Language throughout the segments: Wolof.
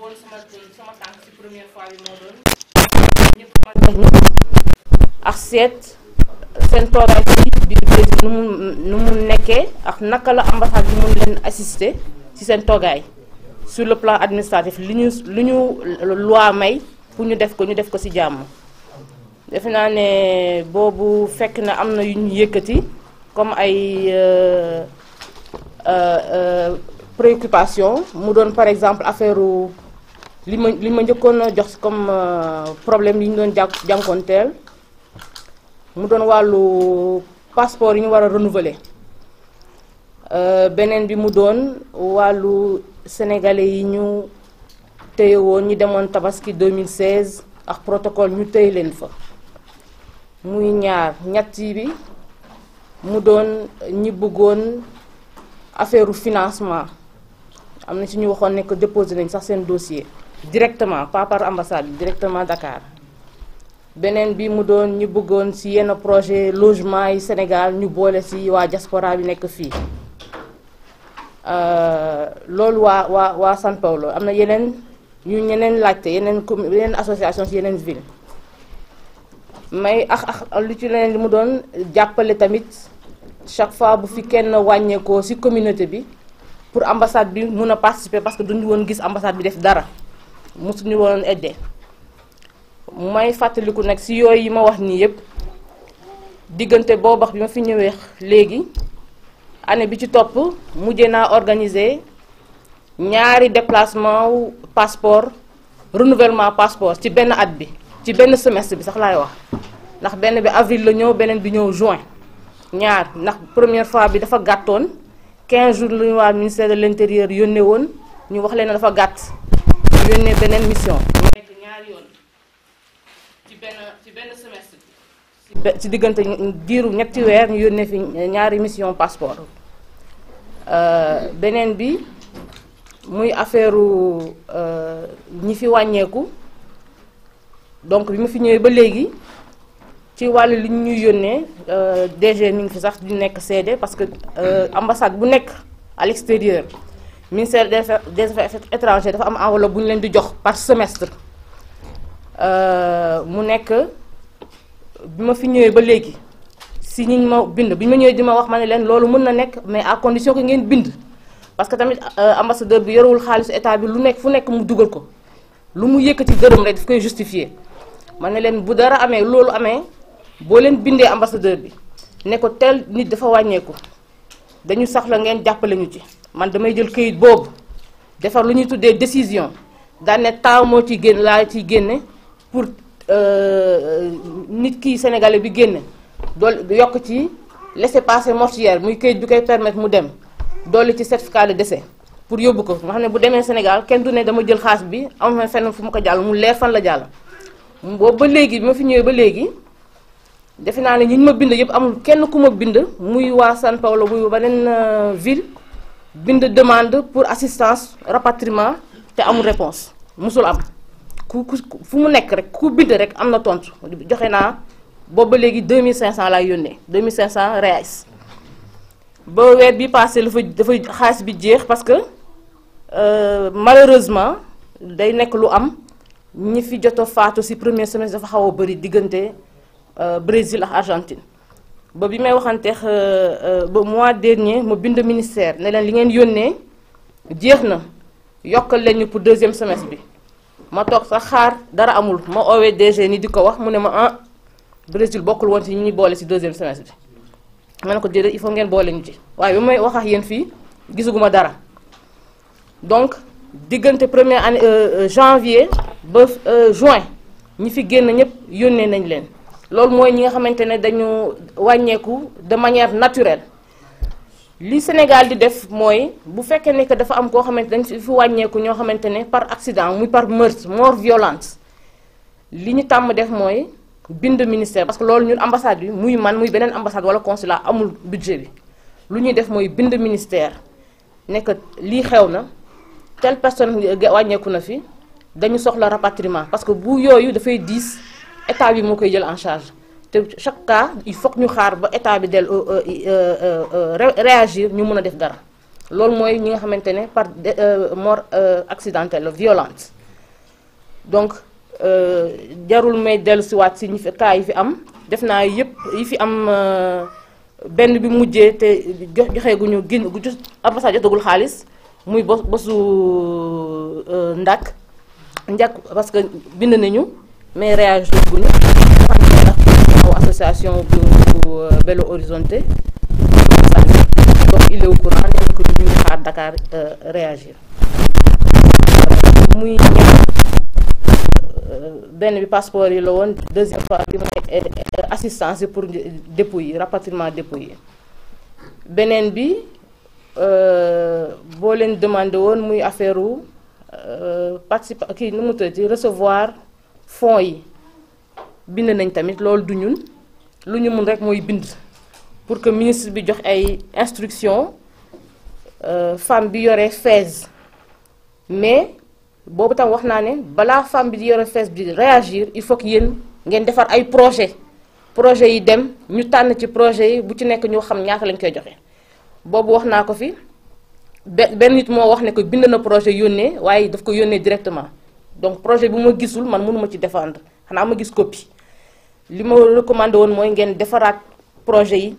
woon sama sama ak seet seen toogaay nekkee ak naka la ambassade ci seen toogaay sur le plan administratif li ñu li loi may pour ñu def ko ñu def ko ci jàmm defe naa ne boobu fekk na am na yu ñu yëkkati comme ay euh, euh, euh, préoccupation mu doon par exemple affaire li ma li ma njëkkoon a jox comme euh, problème yi ñu doon jànkoonteel mu doon wàllu passeport yi ñu war a renouveler euh, beneen bi mu doon wàllu sénégalais yi ñu téye woon ñu demoon tabaski 2016 ak protocole ñu téye leen fa muy ñaar ñetti bi mu doon ñi bëggoon affaire financement am na ci ñu waxoon nekk que déposé nañ sax seen dossier directement pas par ambassade bi directement Dakar beneen bi mu doon ñu bëggoon ci yenn projet logement yi Sénégal ñu boole si waa diaspora bi nekk fii euh, loolu waa waa waa São Paulo am na yeneen ñu ñeneen laajte yeneen commune yeneen association ci yeneen ville mais ax lu ci leneen li mu doon jàppale tamit chaque fois bu fi kenn wàññeekoo ci communauté bi pour ambassade bi mun a participer parce que duñu woon gis ambassade bi def dara mosuñu woon aidé may fàttaliku nag si yooyu yi ma wax nii yëpp diggante boobax bi ma fi ñëwee léegi année bi ci topp mujjee naa organiser ñaari déplacement wu passeport renouvellement passeport ci benn at bi ci benn semestre bi sax laay wax ndax benn bi avril la ñëw beneen bi ñëw juin ñaar ndax première fois bi dafa gàttoon 15 jours la ñu waa ministère de l' intérieur yónnee woon ñu wax leen dafa gàtt yónnee beneen mission. mu nekk ci diggante diiru ñetti weer ñu yónnee fi ñaari mission passeport euh, beneen bi muy affaire euh, ñi fi wàññeeku donc bi ma fi ñëwee ba léegi. ci wàll li ñuy yónnee euh, DG mi ngi fi sax di nekk seede parce que ambassade bu nekk à l'extérieur ministère des des affaires étrangères dafa am enveloppe bu ñu leen di jox par semestre euh, mu nekk bi ma fi ñëwee ba léegi si ñi ma bind bi ma ñëwee di ma wax ma ne leen loolu mën na nekk mais à condition que ngeen bind parce que tamit euh, ambassadeur bi yorewul xaalis état bi lu nekk fu nekk mu dugal ko lu mu yëkkati dërëm rek daf koy justifier ma ne leen bu dara amee loolu amee boo leen bindee ambassadeur bi ne ko tel nit dafa wàññeeku dañu saxla ngeen jàppale ñu ci. man damay jël këyit boobu defar lu ñuy tuddee décision daan ne moo ci génn laa ciy génne pour euh, nit kii sénégalais bi génn dool yokk ci laissez-passer mortuaire muy këyit bi koy permettre mu dem dolli ci certificat de décès pour yóbbu ko nga xam ne bu demee Sénégal kenn du ne dama jël xaalis bi am na fenn fu mu ko jàll mu leer fan la jàll. boobu ba léegi bi ma fi ñëwee ba léegi defe naa ne ñi ñu ma bind yëpp amul kenn ku ma bind muy waa São Paulo ba beneen euh, ville. bind demande pour assistance rapatriement te amul réponse mosul am ku ku fu mu nekk rek ku bind rek am na tontu joxe naa booba léegi deux cinq 2500 laay yónnee 2500 reais ba weer bi passé la fa dafa xaalis bi jeex parce que euh, malheureusement day nekk lu am ñi fi joto a faatu ci premier semestre dafa xaw a bëri diggante euh, Brésil ak Argentine ba bi may waxanteex euh, euh, ba mois dernier ma bind ministère ne leen li ngeen yónnee jeex na yokkal leen ñu pour deuxième semestre bi ma toog sax xaar dara amul ma oowee DG ni di ko wax mu ne ma ah Brésil bokkul woon ci ñu ñi boole ci deuxième semestre bi ma ne ko déedéet il faut ngeen boole ñu ci waaye bi may wax ak yéen fii gisuguma dara donc diggante première année euh, janvier ba juin ñi fi génn ñëpp yónnee nañ leen loolu mooy ñi nga xamante ne dañu wàññeeku de manière naturelle li Sénégal di def mooy bu fekkee ne que dafa am koo xamante dañ fi wàññeeku ñoo xamante ne par accident par meurtre mort violente li ñu tàmm def mooy bind ministère parce que loolu ñun ambassade bi muy man muy beneen ambassade wala consulat amul budget bi lu ñuy def mooy bind ministère nekk lii xew na telle personne wàññeeku na fi dañu soxla rapatriement parce que bu yooyu dafay diis état bi moo koy jël en charge te chaque cas il faut ñu xaar ba état bi del euh, euh, euh, réagir ñu mën a def dara loolu mooy ñi nga xamante ne par mort accidentelle violente donc jarul may dellu siwaat si ñi fi cas yi fi am def naa yëpp yi fi am benn bi mujjee te jox joxe gu ñu génn gu jot ambassade jotagul xaalis muy bos bosu ndàkk njàkk parce que bind nañu mais réagir guñu xam association bu euh, Belo Horizonte donc il est courant Dakar euh, réagir muy euh, benn bi passeport yi la woon deuxième fois bi mooy assistance yi pour dépôt yi rapatriement dépôt yi beneen bi boo leen demandé woon muy affaire wu participa kii nu recevoir fonds yi bind nañ tamit loolu du ñun lu ñu mun rek mooy bind pour que ministre bi jox ay instruction euh, femme bi yore fees mais boobu tam wax naa ne balaa femme bi yore fees bi réagir il faut que yéen ngeen defar ay projet projet yi dem ñu tànn ci projet yi bu ci nekk ñoo xam ñaata lañ koy joxe boobu wax naa ko fi benn nit moo wax ne ko bind na projet yónnee waaye daf ko yónnee directement donc projet bu ma gisul man mënuma ci défendre xanaa ma gis copie li ma recommandé woon mooy ngeen defaraat projet yi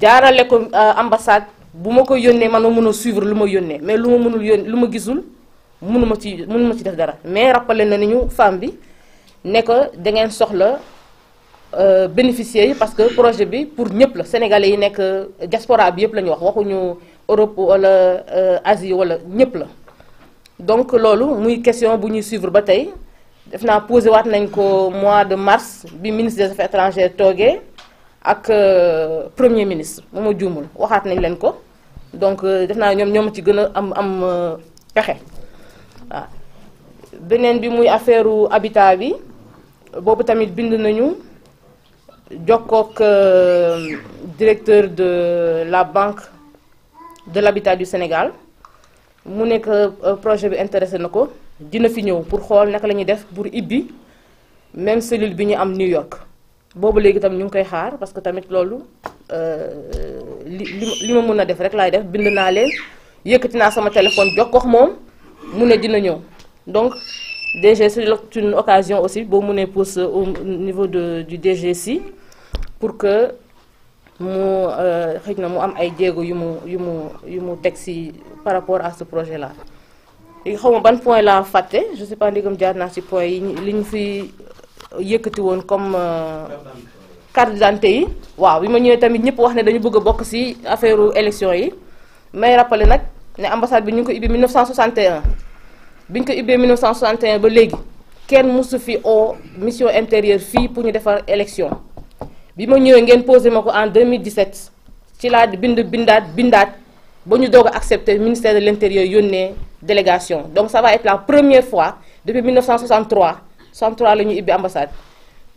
jaarale ko euh, ambassade bu ma ko yónnee man ma mën suivre lu ma yónnee mais lu ma munul yónnee lu ma gisul munuma ci mënuma ci def dara mais rappale na ni ñu femme bi ne ko da ngeen soxla euh, bénéficiaires yi parce que projet bi pour ñëpp la sénégalais yi nekk diaspora bi yëpp la ñu wax waxuñu Europe wala euh, Asie wala ñëpp la. donc loolu muy question bu ñuy suivre ba tey def naa posé waat nañ ko mois de mars bi ministre des affaires étrangères toogee ak euh, premier ministre moo ma juumul waxaat nañ leen ko donc euh, def naa ñoom ñoom ci gën a am am euh, pexe waaw beneen bi muy affaire habitat bi boobu tamit bind nañu jokkook directeur de la banque de l'habitat du Sénégal mu nekk euh, projet bi intéressé na ko dina fi ñëw pour xool naka la ñuy def pour ibbi même cellule bi ñu am New York boobu léegi tam ñu ngi koy xaar parce que tamit loolu euh, li li ma mën a def rek laay def bind naa leen yëkkati naa sama téléphone jox ko moom mu ne dina ñëw donc DG c'est une occasion aussi boo mënee pousse au niveau de du DGC pour que. mu euh, xëj na mu am ay jéego yu mu yu mu yu mu teg si par rapport à ce projet là. léegi xaw ma ban point laa fàtte je sais pas ndigam jaar naa si point yi li ñu fi euh, yëkkati woon comme. Euh, carte d'identité yi waaw bi ma ñëwee tamit ñëpp wax ne dañu bëgg a bokk si affaire élection yi may rappelé nag ne ambassade bi ñu ngi ko ubbi 1961 bi ñu ko ubbee 1961 ba léegi kenn mësu fi oo mission intérieure fii pour ñu defar élection. bi ma ñëwee ngeen posé ma ko en 2017 ci laa bind bindaat bindaat ba ñu doog a accepté ministère de l' intérieur yónnee délégation donc ça va être la première fois depuis 1963 63 la ñuy ibbi ambassade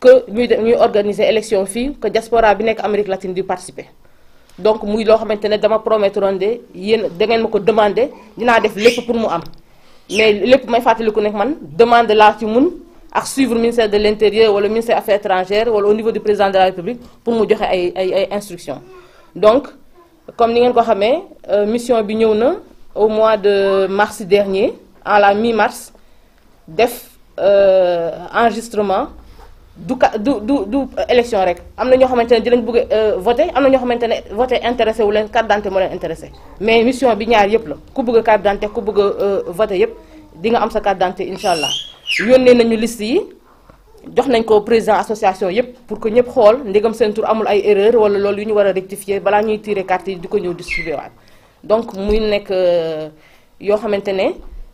que ñuy ñuy organiser élection fii que diaspora bi nekk Amérique latine di participer donc muy loo xamante ne dama promettre woon de yéen da ngeen ma ko demandé dinaa def lépp pour mu am mais lépp may fàttaliku nekk man demande laa ci mun. ak suivre ministère de l' intérieur wala ministère affaires étrangères wala au niveau du président de la république pour mu joxe ay ay ay instructions donc comme ni ngeen ko xamee euh, mission bi ñëw na au mois de mars dernier en la mi mars def euh, enregistrement du ka du du du élection rek am na ñoo xamante ne di bëgg a euh, voté am na ñoo xamante ne voté intéressé wu leen carte d'identité moo leen intéressé mais mission bi ñaar yëpp la ku bëgg a carte d'identité ku bëgg a voté yëpp. di nga am sa carte dante incha allah yónnee nañu liste yi jox nañ ko président association yëpp pour que ñëpp xool ndegam seen tur amul ay erreur wala loolu yu ñu war a rectifier balaa ñuy tiire carte di ko ñëw distribué waat donc muy nekk euh, yoo xamante ne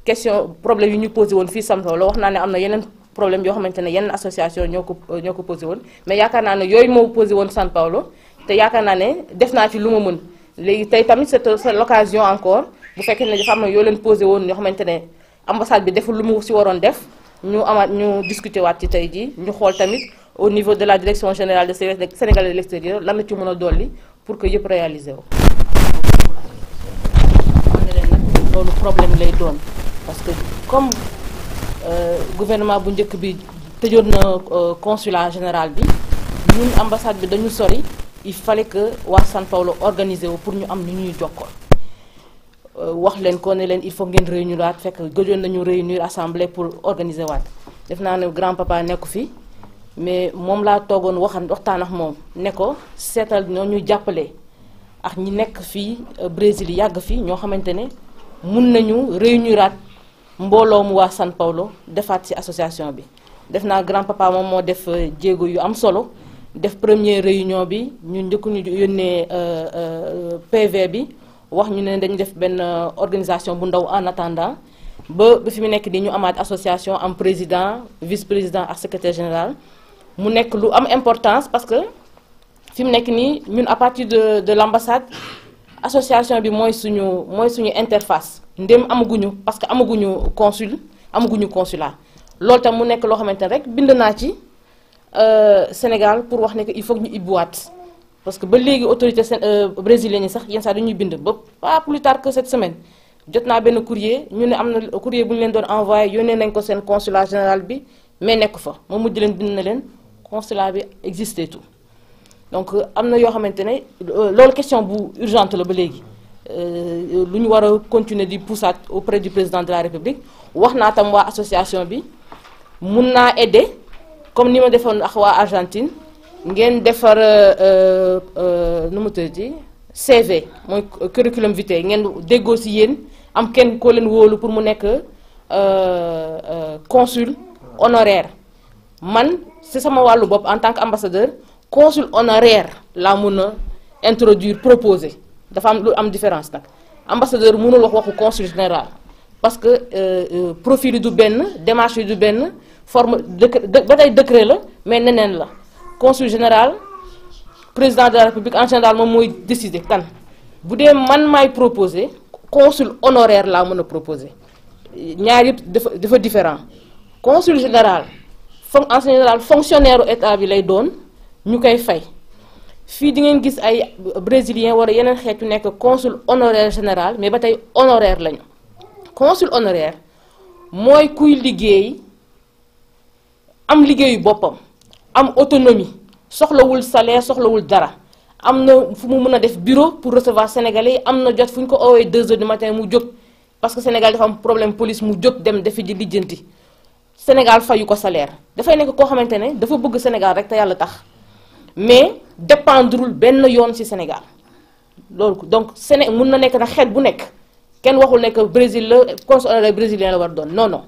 question problème yi ñu posé woon fii Samsoo la wax naa ne am na yeneen problème yoo xamante ne yenn association ñoo ko euh, ñoo ko posé woon mais yaakaar naa ne yooyu moo posé woon San Paulo te yaakaar naa ne def naa ci lu ma mën léegi tey tamit c'est l'occasion encore bu fekkee ne dafa am na yoo leen posé woon yoo xamante ne ambassade bi deful lu mu si waroon def ñu amaat ñu discuter waat ci tey jii ñu xool tamit au niveau de la direction générale de service sénégalais de l'extérieur lan na ci mën a dolli pour que yëpp réaliser wu. problème lay doon parce que comme euh, gouvernement bu njëkk bi tëjoon na euh, consulat général bi ñun ambassade bi dañu sori il fallait que waa san Paulo organiser wu pour ñu am ni ñuy jokkoon. Euh, wax leen ko ne leen il faut ngeen réunir waat fekk gëjoon nañu réunir assemblée pour organiser waat def naa ne grand papa nekku fi mais moom laa toogoon waxan waxtaan ak moom ne ko seetal ñoo ñu jàppale ak ñi nekk fii euh, Brésil yàgg fii ñoo xamante ne mun nañu réuniraat mbooloo mu waa San Paulo defaat ci association bi def naa grand papa moom moo def euh, jéego yu am solo def premier réunion bi ñu njëkku ñu yónnee PV bi wax ñu ne dañu def benn euh, organisation bu ndaw en attendant ba ba fi mu nekk di ñu amaat association am président vice président ak secrétaire général mu nekk lu am importance parce que fi mu nekk nii ñun à partir de de l'ambassade association bi mooy suñu mooy suñu interface ndém amaguñu parce que amaguñu consul amaguñu consulat loolu tam mu nekk loo xamante ne rek bind naa ci euh, Sénégal pour wax ne que il faut ñu ibbiwaat parce que ba léegi autorité seen euh, brésilien yi sax yenn saa ñuy bind ba pas plus tard que cette semaine jot naa benn courrier ñu ne am na courrier bu ñu leen doon envoyé yónnee nañ ko seen consulat général bi mais nekk fa moom mujj leen bind na leen consulat bi existé tout donc euh, am na yoo xamante ne euh, loolu question bu urgente la ba léegi lu ñu war a continuer di poussaat auprès du président de la république wax naa tam waa association bi mun naa aider comme ni ma defoon ak waa Argentine. ngeen defar euh, euh, euh, nu mu tëddee CV mooy curriculum vitae ngeen déggoo si yéen am kenn koo leen wóolu pour mu nekk consul honoraire man si sama wàllu bopp en tant que ambassadeur consul honoraire laa mun a introduire proposer dafa am lu am différence nag ambassadeur mënul wax waxu consul général parce que profil yi du benn démarche yi du benn forme dëkk ba la mais neneen la. consul général président de la république en général moom mooy décider kan bu dee man maay proposer consul honoraire laa mën a proposer ñaar yëpp dafa dafa différent consul général fon en général fonctionnaire état bi lay doon ñu koy fay fii di ngeen gis ay brésilien wala yeneen xeetu nekk consul honoraire général mais ba tey honoraire lañu consul honoraire mooy kuy liggéey am liggéeyu boppam am autonomie soxlawul salaire soxlawul dara am na fu mu mën a def bureau pour recevoir sénégalais am na jot fu ñu ko oowee 2 heures du matin mu jóg parce que Sénégal am problème police mu jóg dem dafi ji lijjanti Sénégal fayu ko salaire dafay nekk koo xamante ne dafa bëgg Sénégal rek te yàlla tax mais dépendrul benn yoon ci Sénégal loolu donc Séné mun na nekk na xeet bu nekk kenn waxul nekk Brésil la consul brésilien la war doon non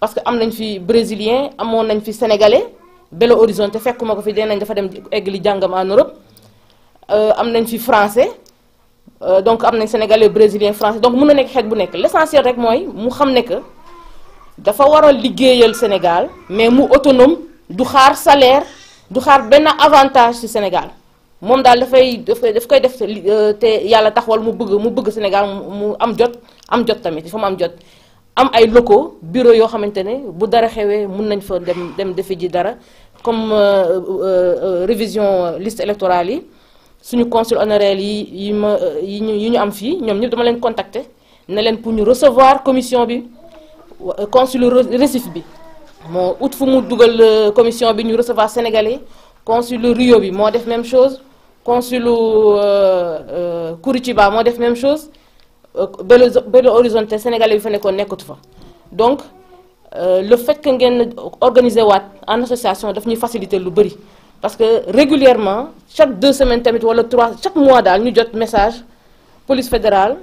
parce que am nañ fi brésilien amoon nañ fi sénégalais. Belo te fekkuma ko fi de nañ dafa dem egg li jàngam en Europe euh, am nañ fi français euh, donc am nañ sénégalais brésilien français donc mun na nekk xeet bu nekk l'essentiel rek mooy mu xam ne que dafa war a liggéeyal Sénégal mais mu autonome du xaar salaire du xaar benn avantage ci Sénégal moom daal dafay daf koy def euh, te yàlla taxawal mu bëgg mu bëgg Sénégal mu am jot am jot tamit il faut mu am jot. am ay locaux bureau yoo xamante ne bu dara xewee mun nañ fa dem dem defi ji dara comme euh, euh, euh, révision liste électorale yi suñu consul honoraire yi yi ma yi ñu yi ñu am fii ñoom ñëpp dama leen contacter ne leen pour ñu recevoir commission bi consul récif bi moo ut fu mu dugal commission bi ñu recevoir yi consul Rio bi moo def même chose consul Curitiba moo def même chose Belo Horizonte sénégalais yu fa nekkoon nekkatu fa donc euh, le fait que ngeen organiser waat en association daf ñuy faciliter lu bëri parce que régulièrement chaque deux semaines tamit wala trois chaque mois daal ñu jot message police fédérale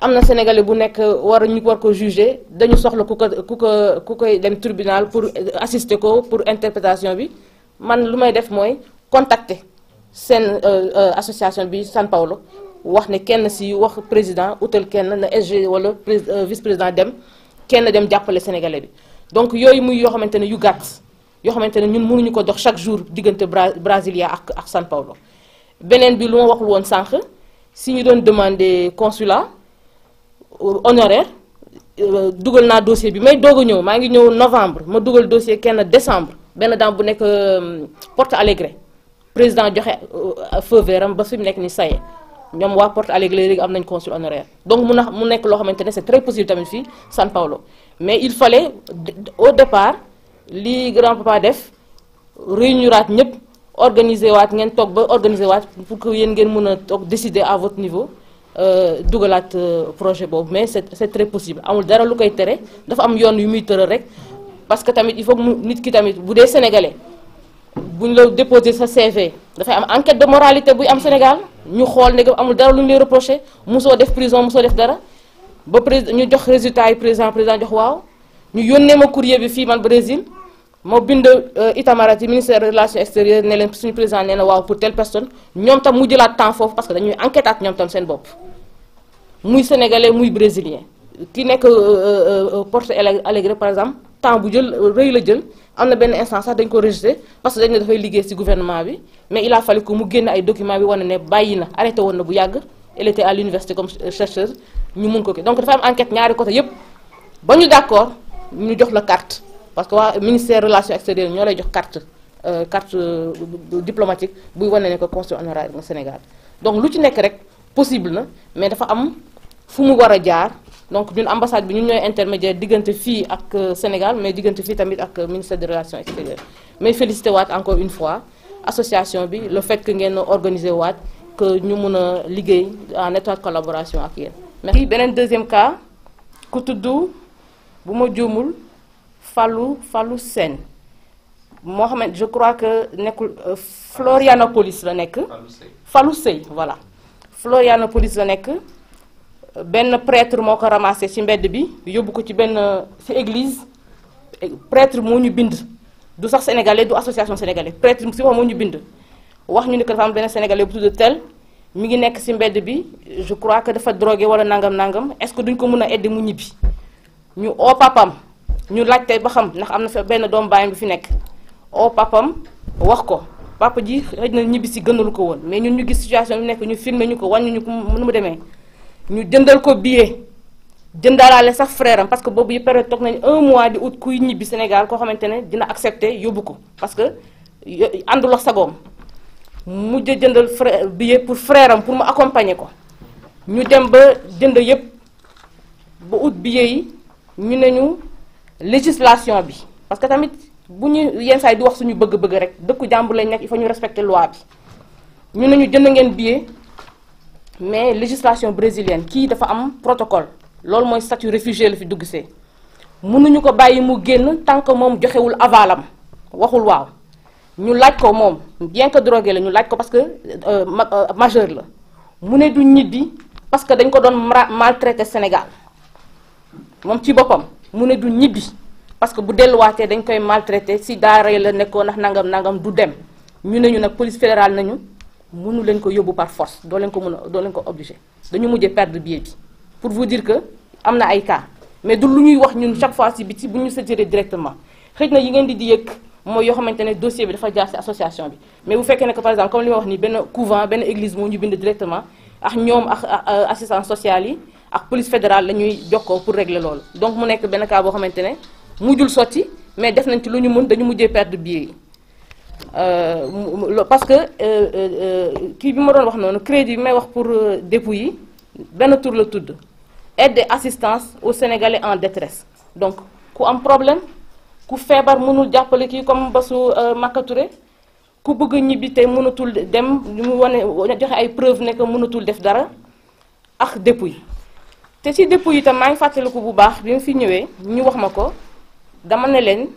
am na sénégalais bu nekk war ñu war ko juger dañu soxla ku ko ku ko ku koy dem tribunal pour assister ko pour interprétation bi man lu may def mooy contacter seen euh, euh, association bi San Paulo wax ne kenn si wax président utal kenn na SG wala euh, vice président dem kenn dem jàppale sénégalais bi donc yooyu muy yoo xamante ne yu gàtt yoo xamante ne ñun mënuñu ko dox chaque jour diggante Brasilia ak ak São Paulo beneen bi lu ma waxul woon sànq si ñu doon demandé consulat euh, honoraire euh, dugal naa dossier bi may doog a ñëw maa ngi ñëw novembre ma dugal dossier kenn décembre benn dam bu nekk Porto Alegre président joxe feu vert am ba fi mu nekk ni saye ñoom waa Porto Alegre léegi am nañ consul honoraire donc mun na mu nekk loo xamante ne c'est très possible tamit fii San Paulo mais il fallait au départ li grand papa def réuniraat ñëpp organiser waat ngeen toog ba organiser waat pour que yéen ngeen mën a toog décider à votre niveau euh, dugalaat euh, projet boobu mais c'est c'est très possible amul dara lu koy tere dafa am yoon yu muy tëral rek parce que tamit il faut mu nit ki tamit bu dee sénégalais. bu ñu la déposé sa CV dafay am enquête de moralité buy am Sénégal ñu xool ne amul dara lu ñu lay reproché mosoo def prison mosoo def dara ba président ñu jox résultat yi président président jox waaw ñu yónnee ma courrier bi fii man Brésil ma bind euh, Itamaraty ministère des relations ne leen suñu président nee na waaw pour telle personne ñoom tam mu jëlaat temps foofu parce que dañuy enquête ak ñoom tam seen bopp muy sénégalais muy brésilien ki nekk euh, euh, Porto Alegre par exemple temps bu jël rëy la jël. am na benn instant sax dañ ko rejeté parce que dañ dafay liggéey ci gouvernement bi mais il a fallu que mu génn ay documents bi wane ne bàyyi na arrêté woon na bu yàgg elle était à l'université comme chercheuse ñu mun ko ki donc dafa am enquête ñaari côté yépp ba ñu d'accord ñu jox la carte parce que waa ministère relations extérieures ñoo lay jox carte euh, carte euh, diplomatique buy wane ne ko consul honoraire Sénégal donc lu ci nekk rek possible na mais dafa am fu mu war a jaar donc ñun ambassade bi ñu ñooy intermédiaire diggante fii ak euh, Sénégal mais diggante fii tamit ak euh, ministère des relations extérieures mais félicité waat encore une fois association bi le fait que ngeen organiser waat que ñu mun a liggéey en étroite collaboration ak yéen. merci beneen deuxième cas ku tudd bu ma juumul Fallou falu Sène moo xamante je crois que nekkul euh, Florianopolis la nekk. Fallou Seye Fallou Seye voilà Florianopolis la nekk. benn prêtre moo ko ramassé ci mbedd bi yóbbu ko ci benn ci église prêtre moo ñu bind du sax sénégalais du association sénégalais prêtre si wax moo ñu bind wax ñu ne que dafa am benn sénégalais bu tudd tel mi ngi nekk ci mbedd bi je crois que dafa drogué walla nangam nangam est-ce que duñ ko mën a aider mu ñibbi ñu o papam ñu laajte ba xam ndax am na fa benn doom baayam bi fi nekk oo papam wax ko papa ji xëj na ñibbi si gënalu ko woon mais ñun ñu gis situation nekk ñu filmé ñu ko wàññi ñu ko nu mu demee. ñu jëndal ko billet jëndalaale sax frère am parce que boobu yi période toog nañ un mois di août kuy ñibbi Sénégal koo xamante ne dina accepté yóbbu ko parce que àndul ak sagoom mujj jëndal frère billet pour frère am pour mu accompagner ko ñu dem ba jënd yëpp ba août billet yi ñu ne ñu législation bi parce que tamit bu ñu yenn saa yi di wax suñu bëgg-bëgg rek dëkku jàmbur lañ nekk yi fa ñu respecter loi bi ñu ne ñu jënd ngeen billet. mais législation brésilienne kii dafa am protocole loolu mooy statut réfugié la fi dugg see mënuñu ko bàyyi mu génn tant que moom joxewul avalam waxul waaw ñu laaj ko moom bien que drogué la ñu laaj ko parce que euh, euh, majeur la mu ne du ñibbi parce que dañ ko doon maltraité Sénégal moom ci boppam mu ne du ñibbi parce que bu delluwaatee dañ koy maltraité si daara la nekkoon ndax nangam nangam du dem ñu ne ñu nag police fédérale nañu. mënu leen ko yóbbu par force doo leen ko mën doo leen ko obligé dañu mujjee perdre billet bi pour vous dire que am na ay cas mais du lu ñuy wax ñun chaque fois si biti bu ñu saturé directement xëj na yi ngeen di di yëg mooy yoo xamante ne dossier bi dafa jaar si association bi mais bu fekkee ne que par exemple comme li ma wax nii benn couvent benn église moo ñu bind directement ak ñoom ak assistance sociale yi ak police fédérale la ñuy jokkoo pour régler loolu donc mu nekk benn cas boo xamante ne mujjul sotti mais def nañ ci lu ñu mën dañu mujjee perdre billet yi Euh, parce que euh, euh, kii bi ma doon wax noonu crédit bi may wax pour dépôt yi benn tur la tudd aide de assistance au Sénégalais en détresse donc ku am problème ku feebar mënul jàppale kii comme Bassou Maka Touré ku bëgg ñibbi te mënatul dem mu wane joxe ay preuve ne que mënatul def dara ak dépôt te si dépôt yi tam maa ngi fàttaliku bu baax bi mu fi ñëwee ñu wax ma ko dama ne leen.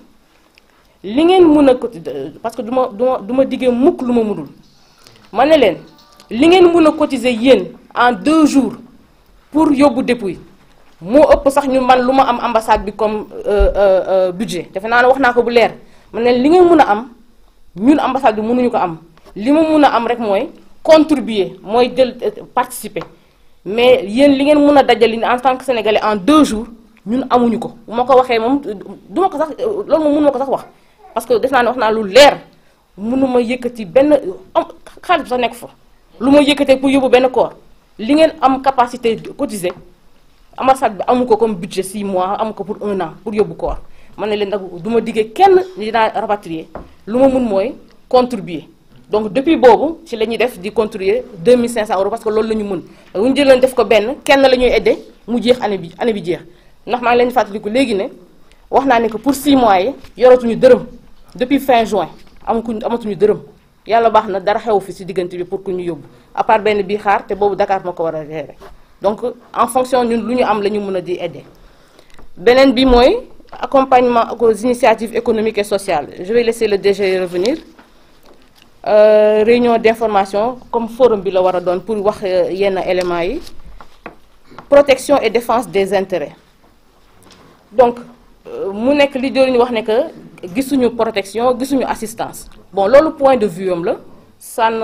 li ngeen mun a parce que du ma du ma du diggee mukk lu ma mënul ma ne leen li ngeen mun a cotiser yéen en deux jours pour yóbbu dépouille moo ëpp sax ñu man lu ma am ambassade bi comme euh, euh, euh, budget defe naa ne wax naa ko bu leer ma ne li ngeen mën a am ñun ambassade bi mënuñu ko am li ma mun a am rek mooy contribuer mooy jël participer mais yéen li ngeen mën a dajali en tant que sénégalais en deux jours ñun amuñu ko bu ma ko waxee moom du ko sax loolu moom mënu ma ko sax wax. parce que def naa ne wax naa lu leer mënuma yëkkati benn am xaalis sax nekk fa lu ma yëkkatee pour yóbbu benn corps li ngeen am capacité cotiser ambassade bi amu ko comme budget 6 mois amu ko pour un an pour yóbbu corps man ne leen nag du ma diggee kenn dinaa rapatrier lu ma mun mooy contribuer donc depuis boobu ci la ñuy def di contribuer 2500 euros parce que loolu la ñu mun bu ñu jëloon def ko benn kenn la ñuy aidé mu jeex année bi année bi jeex ndax maa leen fàttaliku léegi ne wax naa ne que pour 6 mois yi yoratuñu dërëm. depuis fin juin amakuñ amatuñu dërëm yàlla baax na dara xew fi ci diggante bi pour que ñu yóbbu à part benn bii xaar te boobu Dakar moo ko war a gérer donc en fonction ñun lu ñu am la ñu mën a di aider beneen bi mooy accompagnement aux initiatives économique et sociales je vais laisser le DG revenir euh, réunion d'information comme forum bi la war a doon pour wax euh, yenn éléments yi protection et défense des intérêts donc euh, mu nekk li ñu wax ne que gisuñu protection gisuñu assistance bon loolu point de vue am la sànn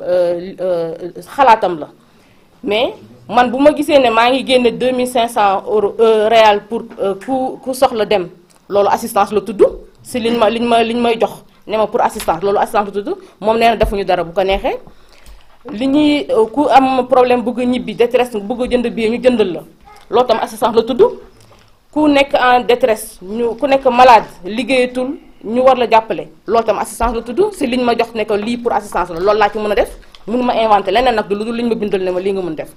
euh, euh, xalaatam la mais man bu ma gisee ne maa ngi génne 2500 euros euh, réal pour ku ku soxla dem loolu assistance la tudd si liñ ma liñ ma liñ may jox ne ma pour assistance loolu assistance la tudd moom nee defuñu dara bu ko neexee li ñuy ku am problème bëgg ñibbi détresse bëgg jënd bii ñu jëndal la loo tam assistance la tudd. ku nekk en détresse ñu ku nekk malade liggéeyatul ñu war la jàppale loolu tam assistance la tudd si liñ ma jox ne lii pour assistance la loolu laa ci mën a def mënu ma inventé leneen nag du lu dul liñ ma bindal ne ma lii nga mën def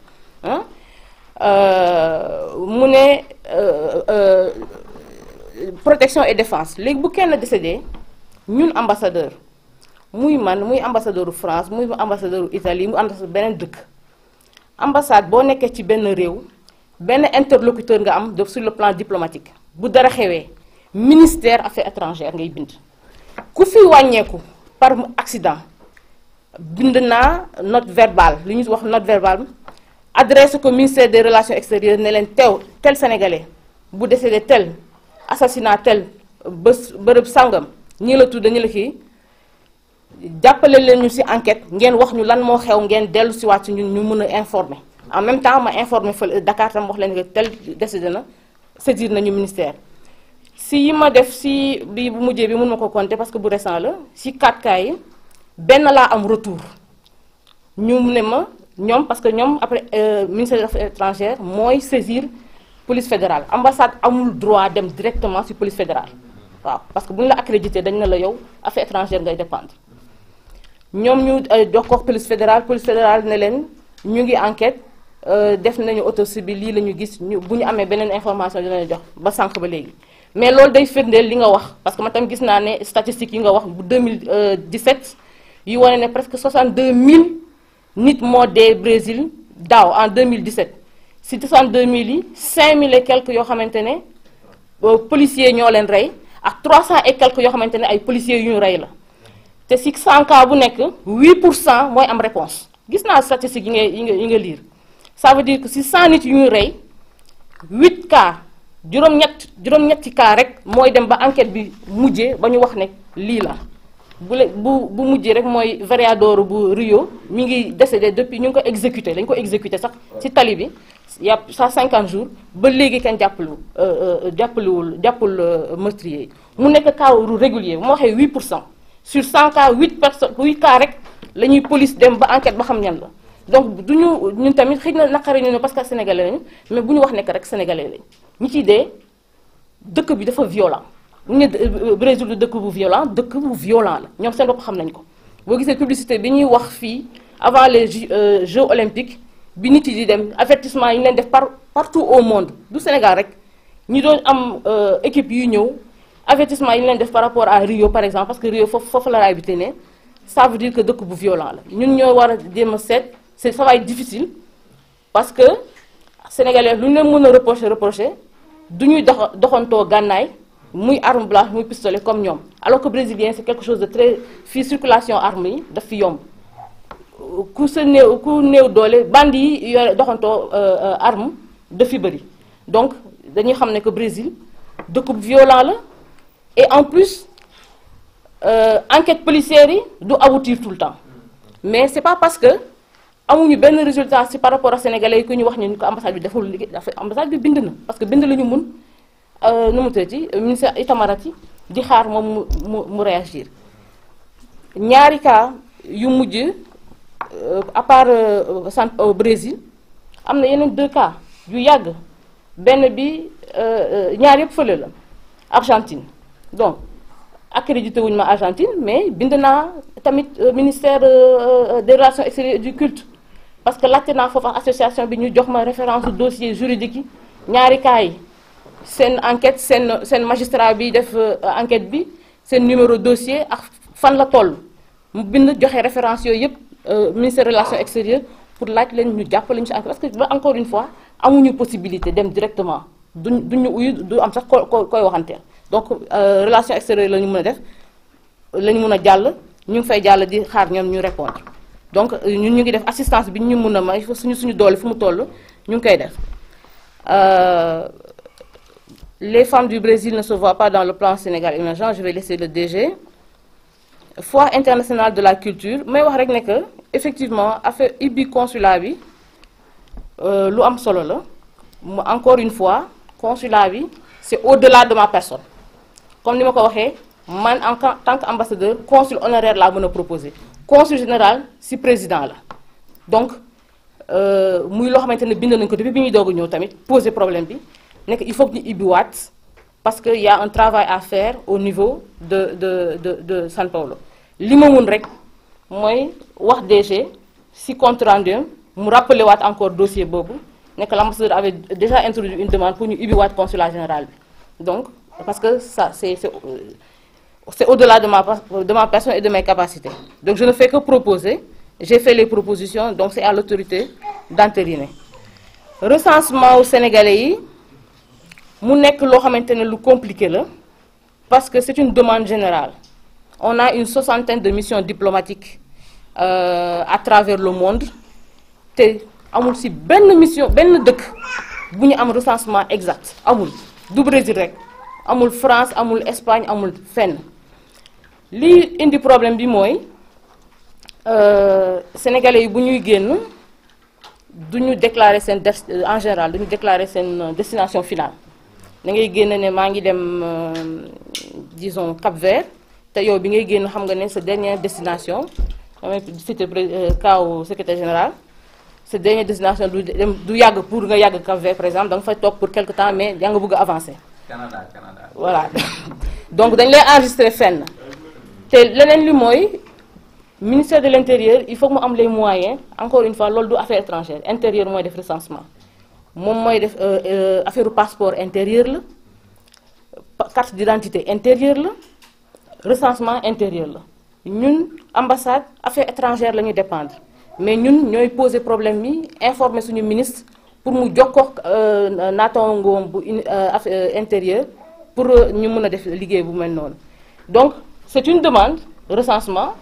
euh, mu ne euh, euh, protection et défense léegi bu kenn décédé ñun ambassadeur muy man muy ambassadeuru France muy ambassadeuru Italie muy ambassadeur beneen dëkk ambassade boo nekkee ci benn réew benn interlocuteur nga am sur le plan diplomatique bu dara xewee ministère affaires étrangères ngay bind ku fi wàññeeku par accident bind naa not verbale li ñu wax note verbale adresse ko ministère des relations extérieures ne leen teew tel sénégalais bu décédé tel assassinat tel bés bërëb sàngam ñii la dañu la kii jàppale leen ñu ci enquête ngeen wax ñu lan moo xew ngeen dellu ci waat ci ñun ñu mën a informer en même temps ma informé fa euh, Dakar tam wax leen tel décidé na saisir nañu ministère si yi ma def si bi bu mujjee bi mun ma ko compter parce que bu récent la si 4 cas benn laa am retour ñu ne ma ñoom parce que ñoom après euh, ministère des affaires étrangères mooy saisir police fédérale ambassade amul droit dem directement si police fédérale waaw parce que bu ñu la accrédité dañ na la yow affaire étrangère ngay dépendre ñoom ñu dox euh, ko police fédérale police fédérale ne leen ñu ngi enquête Euh, def nañu autopsie bi lii la ñu gis ñu bu ñu amee beneen information dinañu jox ba sànq ba léegi mais loolu day firndeel li nga wax parce que ma tam gis naa ne statistiques yi nga wax bu 2017 euh, yi wane ne presque 62 000 nit moo dee Brésil daaw en 2017 si 62 000 yi 5 000 et quelques yoo xamante ne euh, policiers ñoo leen rey ak 300 et quelques yoo xamante ne ay policiers yu rey la te si 100 bu nekk 8 cent mooy am réponse gis naa statistiques yi nga yi nga yi nga ça veut dire que si 100 nit yu ñu rey 8 cas juróom-ñett juróom-ñetti cas rek mooy dem ba enquête bi mujjee ba ñu wax ne lii la bu le bu bu mujje rek mooy Vereador bu Rio mi ngi dese de depuis ñu ngi ko exécuté dañu ko exécuté sax ci tali bi yàpp ça cinquante jours ba léegi kenn jàppalu euh, euh, jàppaluwul jàppul euh, meurtrier yi mu nekk cas ru régulier bu ma waxee 8 pour cent sur cent cas 8 personnes 8 cas rek la ñuy police dem ba enquête ba xam ñan la donc du ñu ñun tamit xëy na naqari ñu ne parce que sénégalais lañu mais bu ñu wax nekk rek sénégalais lañu ñi ciy dee dëkk bi dafa violent Brésil euh, du dëkk bu violent dëkk bu violent la ñoom seen bopp xam nañ ko boo gisee publicité bi ñuy wax fii avant les euh, Jeux olympiques bi nit yi di dem avertissement yi ñu leen def par partout au monde du Sénégal rek ñi doon am euh, équipe yu ñëw avertissement yi ñu leen def par rapport à Rio par exemple parce que Rio foofu foofu la raay bi te ne ça veut dire que dëkk bu violent la ñun ñoo war a jéem a seet c'est ça va être difficile parce que sénégalais lu ñu leen mën a reprocher reprocher du ñuy dox doxantoo gànnaay muy arme blanche muy pistolet comme ñoom alors que brésilien c'est quelque chose de très fii circulation arme yi daf fi yomb ku sa néew ku néew doole bandi yi yore doxantoo euh, euh, arme daf fi bëri donc dañuy xam ne que Brésil dëkk bu violent la et en plus euh, enquête policière yi du aboutir tout le temps mais c'est pas parce que amuñu benn résultat si par rapport ak sénégalais yi ñu wax ñu ko ambassade bi deful liggéey dafa ambassade bi bind na parce que bind la ñu mun euh, nu mu tëddee ministère Itamaraty di xaar moom mu mu réagir ñaari cas yu mujj euh, à part euh, sant au Brésil am na yeneen deux cas yu yàgg benn bi ñaar yëpp fële la Argentine donc accrédité wuñ ma Argentine mais bind naa tamit ministère des relations extérieures du culte. parce que laajte naa foofu association bi ñu jox ma référence dossier juridique yi ñaari cas yi seen enquête seen seen magistrat bi def euh, enquête bi seen numéro dossier ak fan la toll mu bind joxe référence yooyu yëpp euh, ministère relations extérieures pour laaj leen ñu jàpp ñu si enquête parce que ba encore une fois amuñu possibilité dem directement duñ duñ ñu uyu du am sax ko koy waxante donc euh, relations extérieures la ñu mën a def la mun a jàll ñu ngi fay jàll di xaar ñoom ñu répondre donc euh, ñun ñu ngi def assistance bi ñu ñu mun a may suñu suñu doole fu mu toll ñu ngi koy def euh, les femmes du Brésil ne se voient pas dans le plan Sénégal émergent je vais laisser le DG fois internationale de la culture may wax rek ne effectivement affaire ibbi consulat bi euh, lu am solo la mu encore une fois consulat bi c'est au-delà de ma personne comme ni ma ko waxee man en tant qu'ambassadeur consul honoraire laa mën a proposer consul général si président la donc euh, muy loo xamante ne bind nañ ko depuis bi ñuy doog ñëw tamit poser problème bi nekk il faut que ñu ibbiwaat parce que y un travail à faire au niveau de de de de São Paulo li ma mun rek mooy wax DG si compte rendu mu rappelé waat encore dossier boobu nekk l'ambassadeur avait déjà introduit une demande pour ñu ibbiwaat consulat général bi donc parce que ça c'est c'est euh, c'est au-delà de ma, de ma personne et de mes capacités. Donc je ne fais que proposer, j'ai fait les propositions, donc c'est à l'autorité d'entériner. recensement wu sénégalais yi mu nekk loo xamante ne lu compliqué la parce que c'est une demande générale on a une soixantaine de missions diplomatiques euh, à travers le monde te amul si benn mission benn dëkk bu ñu am recensement exact amul du Brésil rek amul France amul Espagne amul fenn li indi problème bi mooy euh, sénégalais yi bu ñuy génn du ñu déclarer seen def euh, en général du ñu déclarer seen euh, destination finale da ngay génn ne maa ngi dem disons Cap Vert te yow bi ngay génn xam nga ne sa dernière destination damay cité kaw secrétaire général sa dernière destination du dem du yàgg pour nga yàgg Cap Vert par exemple da nga fay toog pour quelque temps mais yaa nga bëgg avancer. Canada voilà donc dañ lay enregistrer fenn. te leneen li mooy ministère de l' intérieur il faut mu am les moyens encore une fois loolu du affaire étrangère intérieur mooy def recensement moom mooy def euh, euh, affaire passeport intérieur la carte d' identité intérieur la recensement intérieur la ñun ambassade affaire étrangère la ñu dépendre mais ñun ñooy poser problème yi informer suñu ministre pour mu jokkoo euh, naataangoom bu affaire intérieur pour ñu mën a def liggéey bu mel noonu donc. c'est une demande recensement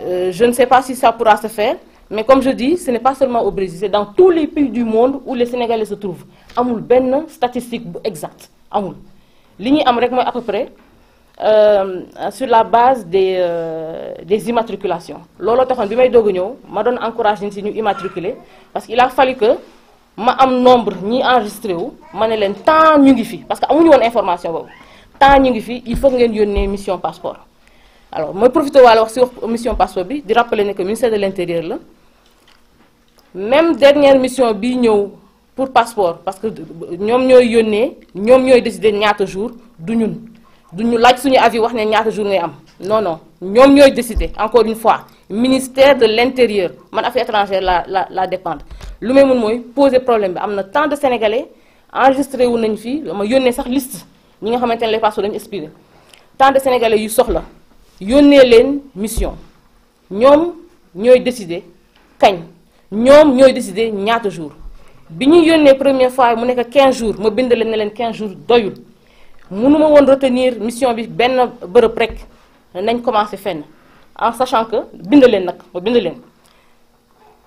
euh, je ne sais pas si ça pourra se faire mais comme je dis ce n'est pas seulement au Brésil c'est dans tous les pays du monde où les Sénégalais se trouvent amul benn statistique bu exact amul li ñuy am rek mooy à peu près euh, sur la base des euh, des immatriculations looloo taxoon bi may doog a ñëw ma doon encouragé ni si ñu immatriculer parce que il a fallu que ma am nombre ñi enregistré wu ma ne leen tant ñu ngi fi parce que amuñu woon information boobu tant ñu ngi fi il faut ngeen mission passeport alors mooy profité waale wax si wax mission passeport bi di rappeler ne que ministère de l' la même dernière mission bi ñëw pour passeport parce que ñoom ñooy yónnee ñoom ñooy décider ñaata jour du ñun du ñu laaj suñu avis wax ne ñaata jour ngay am non non ñoom ñooy décider encore une fois ministère de l' intérieur man affaire étrangère la la la dépendre lu may mun mooy pose problème bi am na tant de sénégalais enregistré wu nañ fii ma yónnee sax liste ñi nga xamante ne les passeports dañu expiré tant de sénégalais yu soxla. yónnee leen mission ñoom ñooy décider kañ ñoom ñooy décider ñaata jours bi ñuy yónnee première fois mu nekk quinze jours ma bind leen ne leen 15 jours doyul mënuma woon retenir mission bi benn bërëb rek nañ commencé fenn en sachant que bind leen nag ma bind leen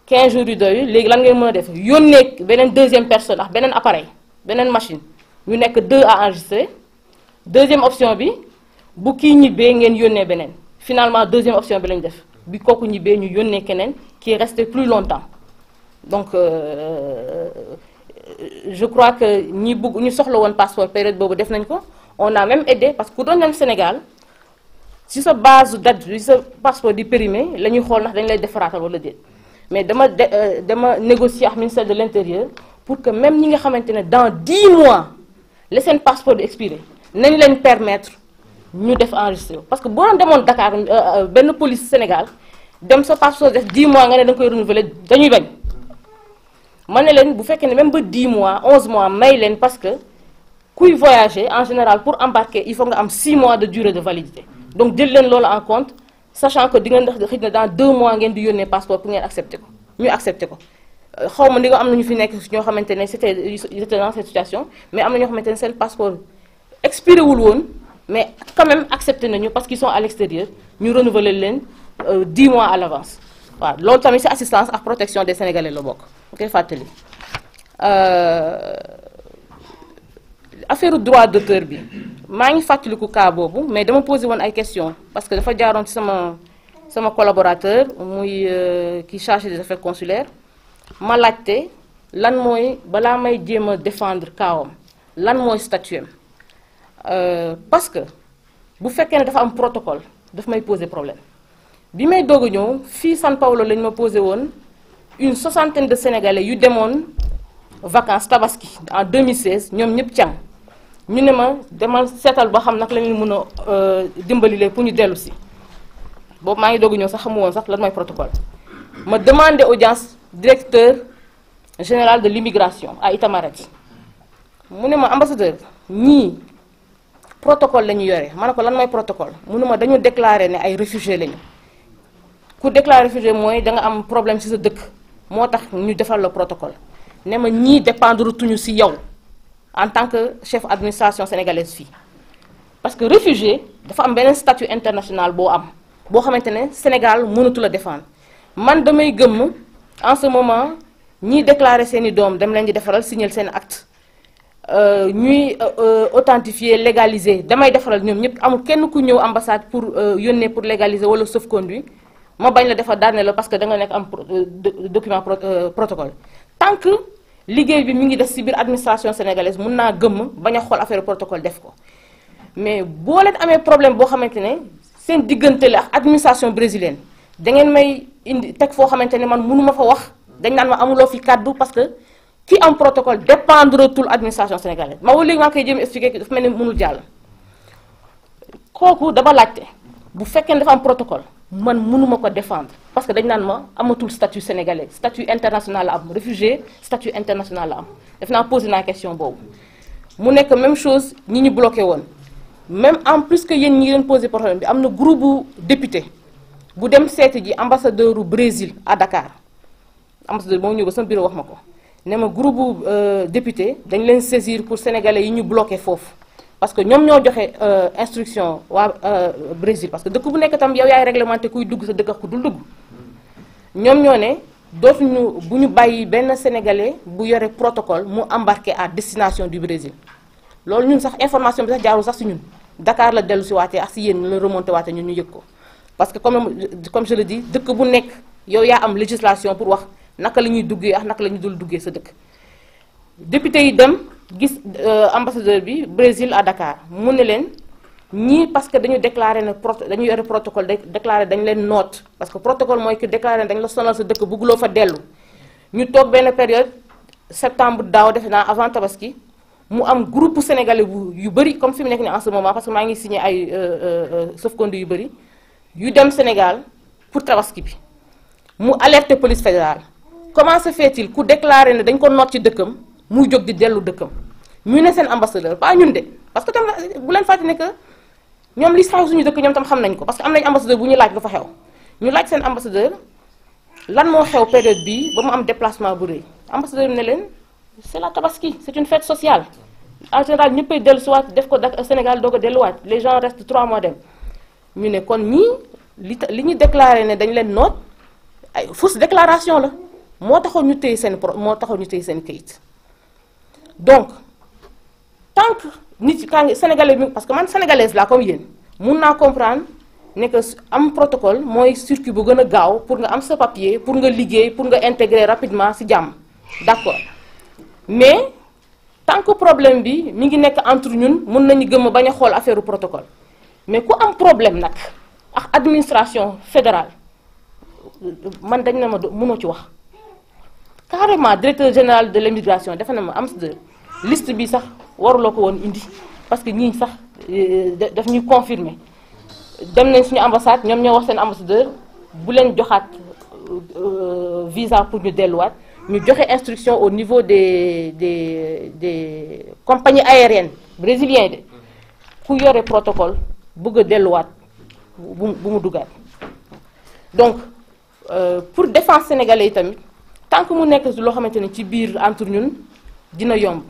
quinze jours yu doyul léegi lan ngay mën a def yónnee beneen deuxième personne ak beneen appareil beneen machine ñu nekk deux à enregistrer deuxième option bi. bu kii ñibbee ngeen yónnee beneen finalement deuxième option bi lañ def bi kooku ñibbee ñu yónnee keneen qui est resté plus longtemps donc euh, euh je crois que ñi bëgg ñu soxla woon passeport période boobu def nañ ko on a même aidé parce que ku doon dem Sénégal si sa base date si sa passeport di périmer lañuy xool ndax dañ lay defaraatal wala déet mais dama de euh, dama négocier ak ministère de l'intérieur pour que même ñi nga xamante ne dans 10 mois la seen passeport di expiré leen permettre. ñu def enregistré parce que boo demoon dakaar euh, euh, benn police Sénégal dem sa passe soo def 10 mois nga ne da nga koy renouveler dañuy bañ ma ne leen bu fekkee ne même ba 10 mois 11 mois may leen parce que kuy voyager en général pour embarquer il faut mois de durée de validité donc jël leen loolu en compte sachant que di ngeen xëy na dans 2 mois ngeen di yónnee passeport pour ngeen accepter ko ñu accepter ko. Euh, xaw ni nga am na ñu fi nekk ñoo xamante ne c'était c'était dans cette situation mais am na ñoo xamante ne seen passeport expiré wul woon. mais quand même accepté nañu parce qu'ils sont à l'extérieur ñu renouveler leen euh, dix mois à l'avance waaw loolu tamit ci assistance ak protection des sénégalais la bokk ok fàttali euh, affaire droit d'auteur bi maa ngi fàttaliku kaa boobu mais dama posé woon ay questions parce que dafa jaaroon ci sama sama collaborateur muy ki euh, chargé des affaires consulaires ma laajte lan mooy balaa may jéem a défendre kaawam lan mooy statut Euh, parce que bu fekkee ne dafa am protocole daf may poser problème bi may doog a ñëw fii San Paulo lañ ma posé woon une soixantaine de sénégalais yu demoon vacances tabaski en 2016 ñoom ñëpp cang ñu ne ma demal seetal ba xam nag lañuy ñu mën a euh, dimbali leen pour ñu dellu si boobu maa ngi doog ñëw sax xamu woon sax lan mooy protocole ma demandé audience directeur général de l'immigration à Itamaraty mu ne ma ambassadeur ñii. protocole la ñu yore ma ne ko lan mooy protocole mënuma dañu déclarer ne ay réfugié lañu ku déclarer réfugié mooy da nga am problème ci sa dëkk moo tax ñu defal la protocole ne ma ñii dépendre tuñu ci yow en tant que chef administration sénégalaise fii parce que réfugié dafa am beneen statut international boo am boo xamante ne Sénégal mënatu a défendre man damay gëmm en ce moment ñii déclarer seeni doom dem leen di defaral signer seeni act Euh, ñuy euh, authentifier légaliser damay defaral ñoom ñëpp amul kenn ku ñëw ambassade pour euh, yónnee pour légaliser wala sauf conduit ma bañ la defal daane la parce que da nga nekk am document protocole tant que liggéey bi mi ngi def ci biir administration sénégalaise mun naa gëmm bañ a xool affaire protocole def ko mais boo leen amee problème boo xamante ne seen diggante la ak administration brésilienne da ngeen may indi teg foo xamante ne man mënuma fa wax dañ naan ki am protocole dépendre tout administration sénégalaise ma wala léegi maa ngi koy jéem expliqué dafa mel ni mënul jàll kooku dama laajte bu fekkee ne dafa am protocole man mënuma ko défendre parce que dañ naan ma amatul statut sénégalais statut international la am réfugié statut international la am def naa posé naa question boobu mu nekk même chose ñi ñu bloqué woon même en plus que yéen ñi leen posé problème bi am na groupe bu député bu dem seeti ji ambassadeur u Brésil à Dakar ambassadeur moo ñëw ba sama bureau wax ma ko ne ma groupe euh, député dañ leen saisir pour sénégalais yi ñu bloqué foofu parce que ñoom ñoo joxe euh, instruction waa euh, Brésil parce que dëkk bu nekk tam yow yaay réglementé kuy dugg sa dëkk ak ku dul dugg ñoom ñoo ne dootuñu bu ñu bàyyi benn sénégalais bu yore protocole mu embarqué à destination du Brésil loolu ñun sax information bi sax jaarul sax si ñun Dakar la dellu si waatee ak si yéen la remonté waatee ñun ñu yëg ko parce que comme comme je le dis dëkk bu nekk yow yaa am législation pour wax naka la ñuy duggee ak naka la ñuy dul duggee sa dëkk député yi dem gis euh, ambassadeur bi Brésil à Dakar mu ne leen ñii parce que dañu déclaré ne pro dañu yore protocole déclaré dañ leen noot parce que protocole mooy que déclaré dañ la sonal sa dëkk bëgguloo fa dellu ñu toog benn période septembre daaw defe naa avant tabaski mu am groupe sénégalais bu yu bëri comme fi mu nekk ni en ce moment maa ngi signé ay euh, euh, sauf yu bëri yu dem Sénégal pour tabaski bi mu alerté police comment se fait-il ku déclaré ne dañ ko noot ci dëkkam mu jóg di dellu dëkkam ñu ne seen ambassadeur pas ñun de parce que tam bu leen fàtte ne que ñoom li xew suñu dëkk ñoom tam xam nañ ko parce que am nañ ambassadeur bu ñuy laaj ba fa xew ñu laaj seen ambassadeur lan moo xew période bi ba mu am déplacement bu rëy ambassadeur bi ne leen c'est la tabaski c'est une fête sociale en général ñëppay dellu siwaat def ko dak Sénégal doo ko delluwaat les gens restent trois mois dem ñu ne kon ñii li li ñu déclaré ne dañ leen noot ay fausse déclaration la moo taxoon ñu téye seen pro moo taxoon ñu téye seen kayit donc tant que nit kaa sénégalais bi parce que man sénégalaise laa comme yéen mun naa comprendre ne que am protocole mooy circuit bu gën a gaaw pour nga am sa papier pour nga liggéey pour nga intégrer rapidement si jàmm d'accord mais tant problème bi mi ngi nekk entre ñun mun nañu gëm a bañ a xool affaire protocole mais ku am problème nag ak administration fédérale man dañ na ma mënoo ci wax. carrément directeur général de l' immigration defe na ma am list bi sax waruloo ko woon indi parce que ñii sax euh, daf ñu confirmer dem nañ suñu ambassade ñoom ñoo wax seen ambassadeur bu leen joxaat euh, euh, visa pour ñu delluwaat ñu joxe instruction au niveau des des des compagnies aériennes brésilien de ku yore protocole bëgg delluwaat bu mu dugaat donc pour défense sénégalais yi tamit. tant que mu nekk loo xamante ne ci biir entre ñun dina yomb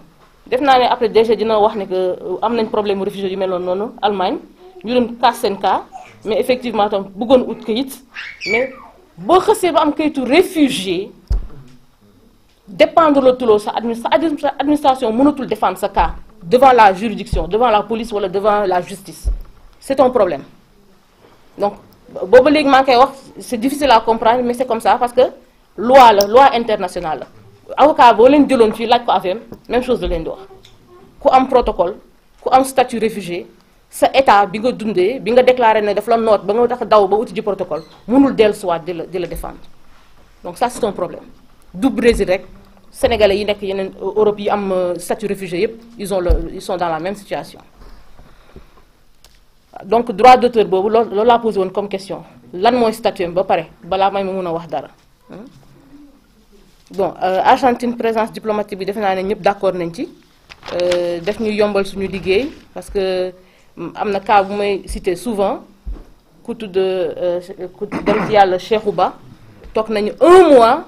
def naa ne après déjà dina wax ne que euh, am nañ problème mu réfugié yu meloon noonu Allemagne ñu doon kaas seen cas mais effectivement tam bëggoon ut kayit mais boo xësee ba am kayitu réfugié dépendre la tuloo sa administration mënatul défendre sa cas devant la juridiction devant la police wala devant la justice c'est un problème donc booba léegi maa ngi wax c'est difficile à comprendre mais c'est parce que loi la loi internationale la avocat boo jëloon fii laaj ko affaire même chose leen di wax ku am protocole ku am statut réfugié sa état bi nga dundee bi nga déclaré ne daf la noot ba nga daw ba wuti ji protocole mënul dellusiwaat di la di la défendre donc ça c'est problème du Brésil rek sénégalais yi nekk yeneen euh, Europe yi am euh, statut réfugié yëpp ils ont le ils la même situation donc droit d'auteur boobu loolu loolu laa posé woon comme question lan mooy statut ba pare balaa may ma mun a wax dara. Hmm? bon euh, Argentine présence diplomatique bi defe naa ne ñëpp d'accord nañ ci euh, def ñu yombal suñu liggéey parce que mm, am na cas bu may citer souvent ku tudd euh, ku dem ci yàlla Cheikhou Ba toog nañu un mois.